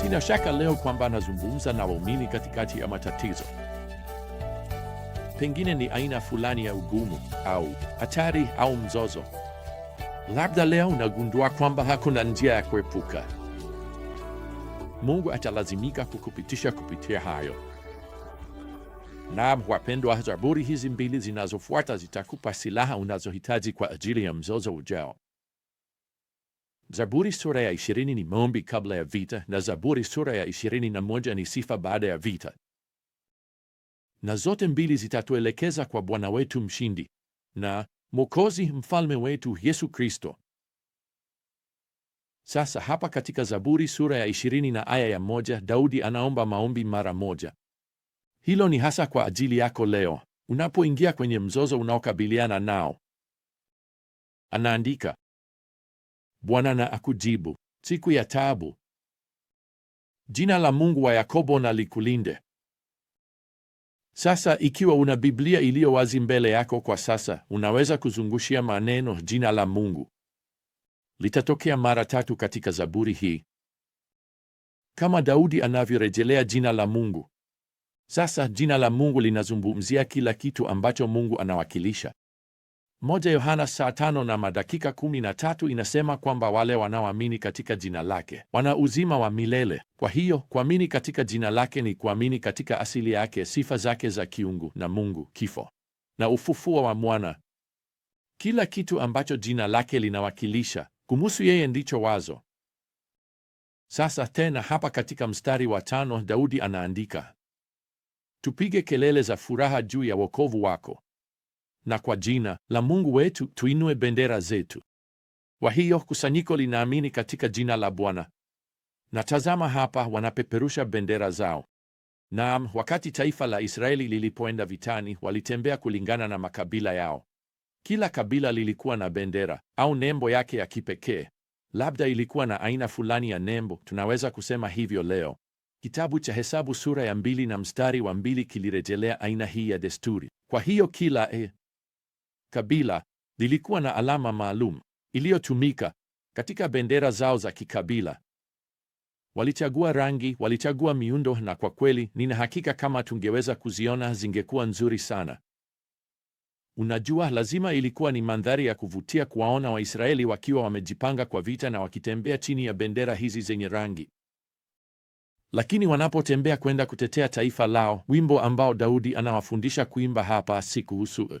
Sina shaka leo kwamba anazungumza na waumini katikati ya matatizo. Pengine ni aina fulani ya ugumu au hatari au mzozo. Labda leo unagundua kwamba hakuna njia ya kuepuka. Mungu atalazimika kukupitisha kupitia hayo. Naam, wapendwa, zaburi hizi mbili zinazofuata zitakupa silaha unazohitaji kwa ajili ya mzozo ujao. Zaburi sura ya ishirini ni maombi kabla ya vita, na Zaburi sura ya ishirini na moja ni sifa baada ya vita, na zote mbili zitatuelekeza kwa Bwana wetu mshindi na Mwokozi, mfalme wetu Yesu Kristo. Sasa hapa katika Zaburi sura ya ishirini na aya ya moja Daudi anaomba maombi mara moja. Hilo ni hasa kwa ajili yako leo unapoingia kwenye mzozo unaokabiliana nao. Anaandika, Bwana na akujibu siku ya taabu. Jina la Mungu wa Yakobo na likulinde. Sasa ikiwa una Biblia iliyo wazi mbele yako kwa sasa, unaweza kuzungushia maneno jina la Mungu. Litatokea mara tatu katika Zaburi hii, kama Daudi anavyorejelea jina la Mungu. Sasa jina la Mungu linazungumzia kila kitu ambacho Mungu anawakilisha. Moja Yohana saa tano na madakika kumi na tatu inasema kwamba wale wanaoamini katika jina lake wana uzima wa milele. Kwa hiyo kuamini katika jina lake ni kuamini katika asili yake, sifa zake za kiungu na Mungu, kifo na ufufuo wa mwana, kila kitu ambacho jina lake linawakilisha kumuhusu yeye ndicho wazo. Sasa tena hapa katika mstari wa tano Daudi anaandika, tupige kelele za furaha juu ya wokovu wako na kwa jina la Mungu wetu tuinue bendera zetu. Kwa hiyo kusanyiko linaamini katika jina la Bwana, na tazama hapa wanapeperusha bendera zao. Naam, wakati taifa la Israeli lilipoenda vitani, walitembea kulingana na makabila yao. Kila kabila lilikuwa na bendera au nembo yake ya kipekee. Labda ilikuwa na aina fulani ya nembo, tunaweza kusema hivyo leo. Kitabu cha Hesabu sura ya mbili na mstari wa mbili kilirejelea aina hii ya desturi. Kwa hiyo kila e, kabila lilikuwa na alama maalum iliyotumika katika bendera zao za kikabila. Walichagua rangi, walichagua miundo, na kwa kweli nina hakika kama tungeweza kuziona zingekuwa nzuri sana. Unajua, lazima ilikuwa ni mandhari ya kuvutia kuwaona Waisraeli wakiwa wamejipanga kwa vita na wakitembea chini ya bendera hizi zenye rangi. Lakini wanapotembea kwenda kutetea taifa lao, wimbo ambao Daudi anawafundisha kuimba hapa si kuhusu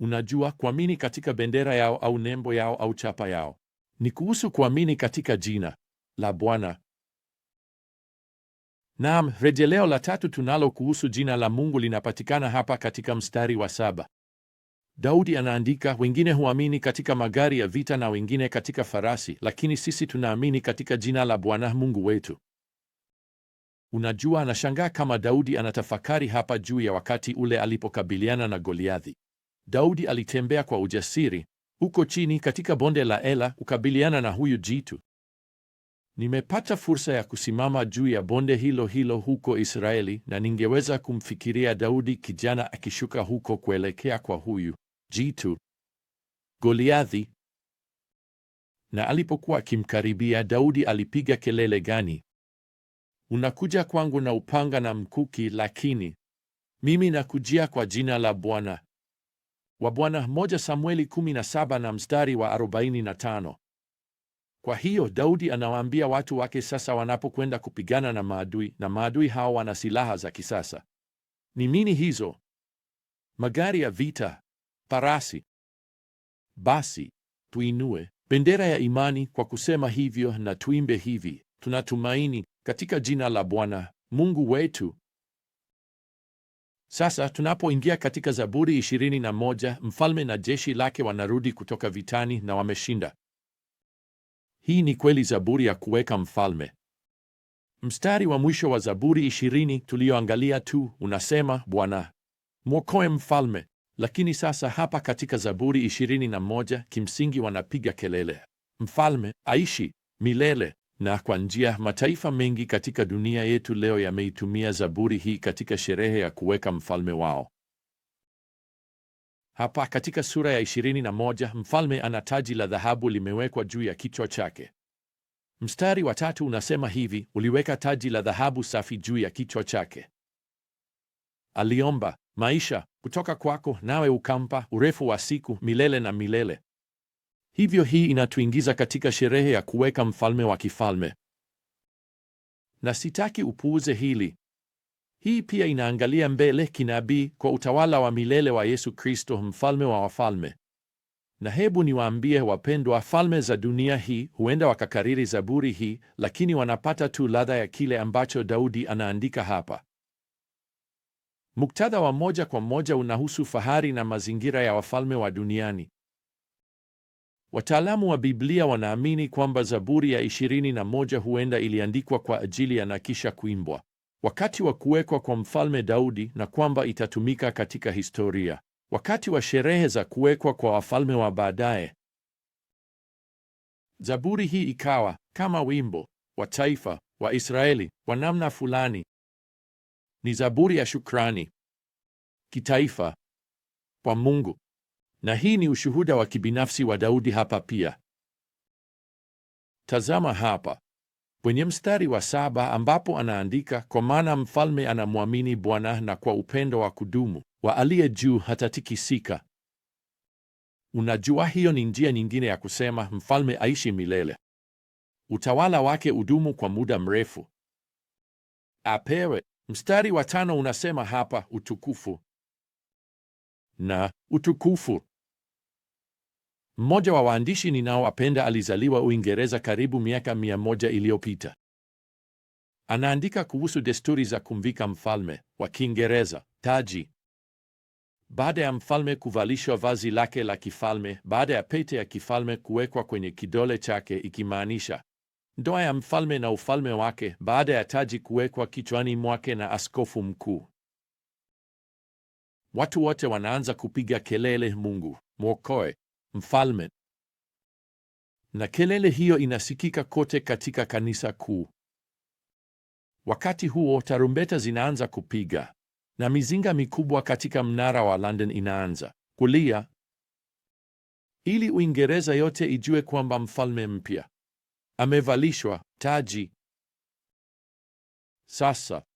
Unajua, kuamini katika bendera yao au nembo yao au chapa yao ni kuhusu kuamini katika jina la Bwana. Naam, rejeleo la tatu tunalo kuhusu jina la Mungu linapatikana hapa katika mstari wa saba. Daudi anaandika, wengine huamini katika magari ya vita na wengine katika farasi, lakini sisi tunaamini katika jina la Bwana Mungu wetu. Unajua, anashangaa kama Daudi anatafakari hapa juu ya wakati ule alipokabiliana na Goliathi Daudi alitembea kwa ujasiri huko chini katika bonde la Ela kukabiliana na huyu jitu. Nimepata fursa ya kusimama juu ya bonde hilo hilo huko Israeli, na ningeweza kumfikiria Daudi kijana akishuka huko kuelekea kwa huyu jitu Goliathi. Na alipokuwa akimkaribia, Daudi alipiga kelele gani? Unakuja kwangu na upanga na mkuki, lakini mimi nakujia kwa jina la Bwana wa Bwana 1 Samueli 17 na mstari wa 45. Kwa hiyo Daudi anawaambia watu wake sasa wanapokwenda kupigana na maadui, na maadui hao wana silaha za kisasa. Ni nini hizo? Magari ya vita, parasi. Basi tuinue bendera ya imani kwa kusema hivyo na tuimbe hivi: tunatumaini katika jina la Bwana Mungu wetu sasa tunapoingia katika Zaburi 21 mfalme na jeshi lake wanarudi kutoka vitani na wameshinda. Hii ni kweli zaburi ya kuweka mfalme. Mstari wa mwisho wa Zaburi 20 tulioangalia tu unasema, Bwana mwokoe mfalme. Lakini sasa hapa katika Zaburi 21 kimsingi wanapiga kelele, mfalme aishi milele na kwa njia mataifa mengi katika dunia yetu leo yameitumia Zaburi hii katika sherehe ya kuweka mfalme wao. Hapa katika sura ya 21 mfalme ana taji la dhahabu limewekwa juu ya kichwa chake. Mstari wa tatu unasema hivi, uliweka taji la dhahabu safi juu ya kichwa chake. Aliomba maisha kutoka kwako, nawe ukampa urefu wa siku milele na milele. Hivyo hii inatuingiza katika sherehe ya kuweka mfalme wa kifalme, na sitaki upuuze hili. Hii pia inaangalia mbele kinabii kwa utawala wa milele wa Yesu Kristo, mfalme wa wafalme. Na hebu niwaambie wapendwa, falme za dunia hii huenda wakakariri zaburi hii, lakini wanapata tu ladha ya kile ambacho Daudi anaandika hapa. Muktadha wa moja kwa moja unahusu fahari na mazingira ya wafalme wa duniani. Wataalamu wa Biblia wanaamini kwamba Zaburi ya 21 huenda iliandikwa kwa ajili ya na kisha kuimbwa wakati wa kuwekwa kwa Mfalme Daudi na kwamba itatumika katika historia wakati wa sherehe za kuwekwa kwa wafalme wa baadaye. Zaburi hii ikawa kama wimbo wa taifa wa Israeli wa namna fulani. Ni zaburi ya shukrani kitaifa kwa Mungu. Na hii ni ushuhuda wa kibinafsi wa Daudi hapa pia. Tazama hapa kwenye mstari wa saba ambapo anaandika, kwa maana mfalme anamwamini Bwana na kwa upendo wa kudumu wa aliye juu hatatikisika. Unajua, hiyo ni njia nyingine ya kusema mfalme aishi milele, utawala wake udumu kwa muda mrefu, apewe. Mstari wa tano unasema hapa, utukufu na utukufu. Mmoja wa waandishi ninaowapenda alizaliwa Uingereza karibu miaka mia moja iliyopita. Anaandika kuhusu desturi za kumvika mfalme wa Kiingereza taji baada ya mfalme kuvalishwa vazi lake la kifalme, baada ya pete ya kifalme kuwekwa kwenye kidole chake, ikimaanisha ndoa ya mfalme na ufalme wake, baada ya taji kuwekwa kichwani mwake na askofu mkuu, Watu wote wanaanza kupiga kelele, Mungu mwokoe mfalme, na kelele hiyo inasikika kote katika kanisa kuu. Wakati huo tarumbeta zinaanza kupiga na mizinga mikubwa katika mnara wa London inaanza kulia ili Uingereza yote ijue kwamba mfalme mpya amevalishwa taji. Sasa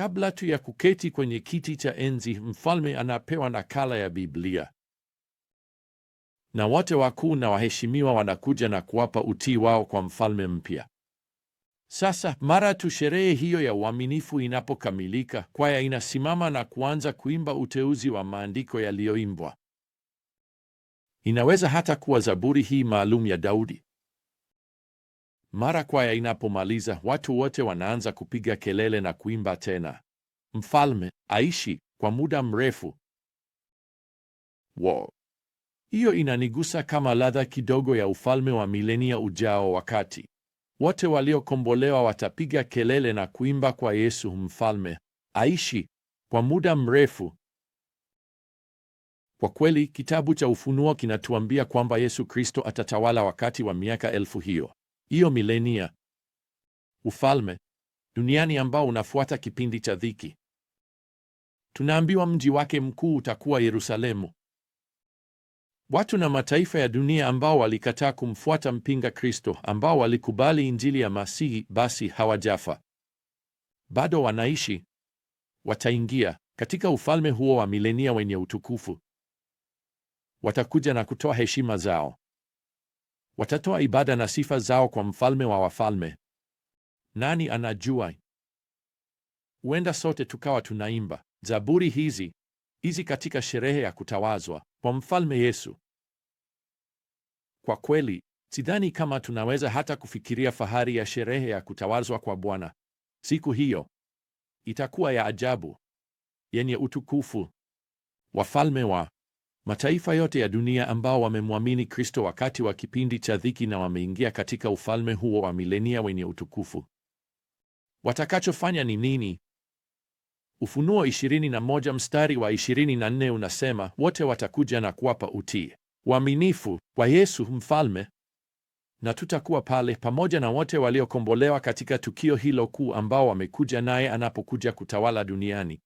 Kabla tu ya kuketi kwenye kiti cha enzi, mfalme anapewa nakala ya Biblia, na wote wakuu na waheshimiwa wanakuja na kuwapa utii wao kwa mfalme mpya. Sasa mara tu sherehe hiyo ya uaminifu inapokamilika, kwaya inasimama na kuanza kuimba uteuzi wa maandiko yaliyoimbwa. Inaweza hata kuwa zaburi hii maalum ya Daudi. Mara kwaya inapomaliza, watu wote wanaanza kupiga kelele na kuimba tena, mfalme aishi kwa muda mrefu. Wo, Hiyo inanigusa kama ladha kidogo ya ufalme wa milenia ujao, wakati wote waliokombolewa watapiga kelele na kuimba kwa Yesu, mfalme aishi kwa muda mrefu. Kwa kweli, kitabu cha Ufunuo kinatuambia kwamba Yesu Kristo atatawala wakati wa miaka elfu hiyo hiyo milenia ufalme duniani ambao unafuata kipindi cha dhiki. Tunaambiwa mji wake mkuu utakuwa Yerusalemu. Watu na mataifa ya dunia ambao walikataa kumfuata mpinga Kristo, ambao walikubali injili ya Masihi, basi hawajafa, bado wanaishi. Wataingia katika ufalme huo wa milenia wenye utukufu. Watakuja na kutoa heshima zao Watatoa ibada na sifa zao kwa mfalme wa wafalme. Nani anajua? Huenda sote tukawa tunaimba zaburi hizi hizi katika sherehe ya kutawazwa kwa mfalme Yesu. Kwa kweli, sidhani kama tunaweza hata kufikiria fahari ya sherehe ya kutawazwa kwa Bwana. Siku hiyo itakuwa ya ajabu, yenye utukufu. Wafalme wa mataifa yote ya dunia ambao wamemwamini Kristo wakati wa kipindi cha dhiki na wameingia katika ufalme huo wa milenia wenye utukufu. Watakachofanya ni nini? Ufunuo 21 mstari wa 24 unasema, wote watakuja na kuwapa utii waminifu kwa Yesu mfalme, na tutakuwa pale pamoja na wote waliokombolewa katika tukio hilo kuu ambao wamekuja naye anapokuja kutawala duniani.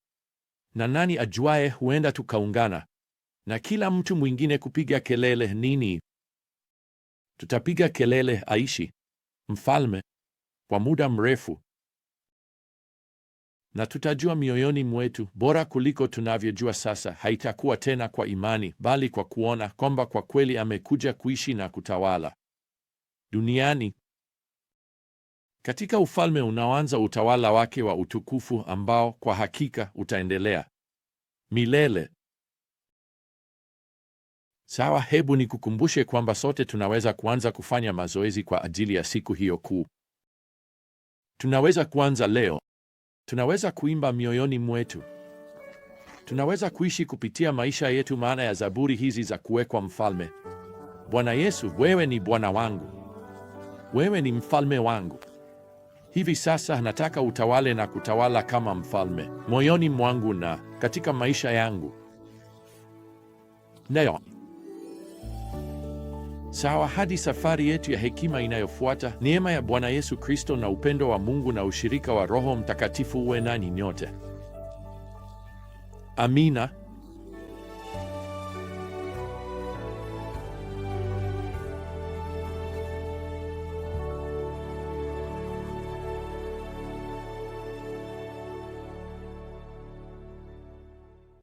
Na nani ajuaye, huenda tukaungana na kila mtu mwingine kupiga kelele nini? Tutapiga kelele aishi mfalme kwa muda mrefu, na tutajua mioyoni mwetu bora kuliko tunavyojua sasa, haitakuwa tena kwa imani, bali kwa kuona kwamba kwa kweli amekuja kuishi na kutawala duniani katika ufalme unaoanza utawala wake wa utukufu ambao kwa hakika utaendelea milele. Sawa, hebu nikukumbushe kwamba sote tunaweza kuanza kufanya mazoezi kwa ajili ya siku hiyo kuu. Tunaweza kuanza leo. Tunaweza kuimba mioyoni mwetu. Tunaweza kuishi kupitia maisha yetu maana ya zaburi hizi za kuwekwa mfalme. Bwana Yesu, wewe ni Bwana wangu, wewe ni mfalme wangu. Hivi sasa nataka utawale na kutawala kama mfalme moyoni mwangu na katika maisha yangu Nayo Sawa, hadi safari yetu ya hekima inayofuata, neema ya Bwana Yesu Kristo na upendo wa Mungu na ushirika wa Roho Mtakatifu uwe nani nyote. Amina.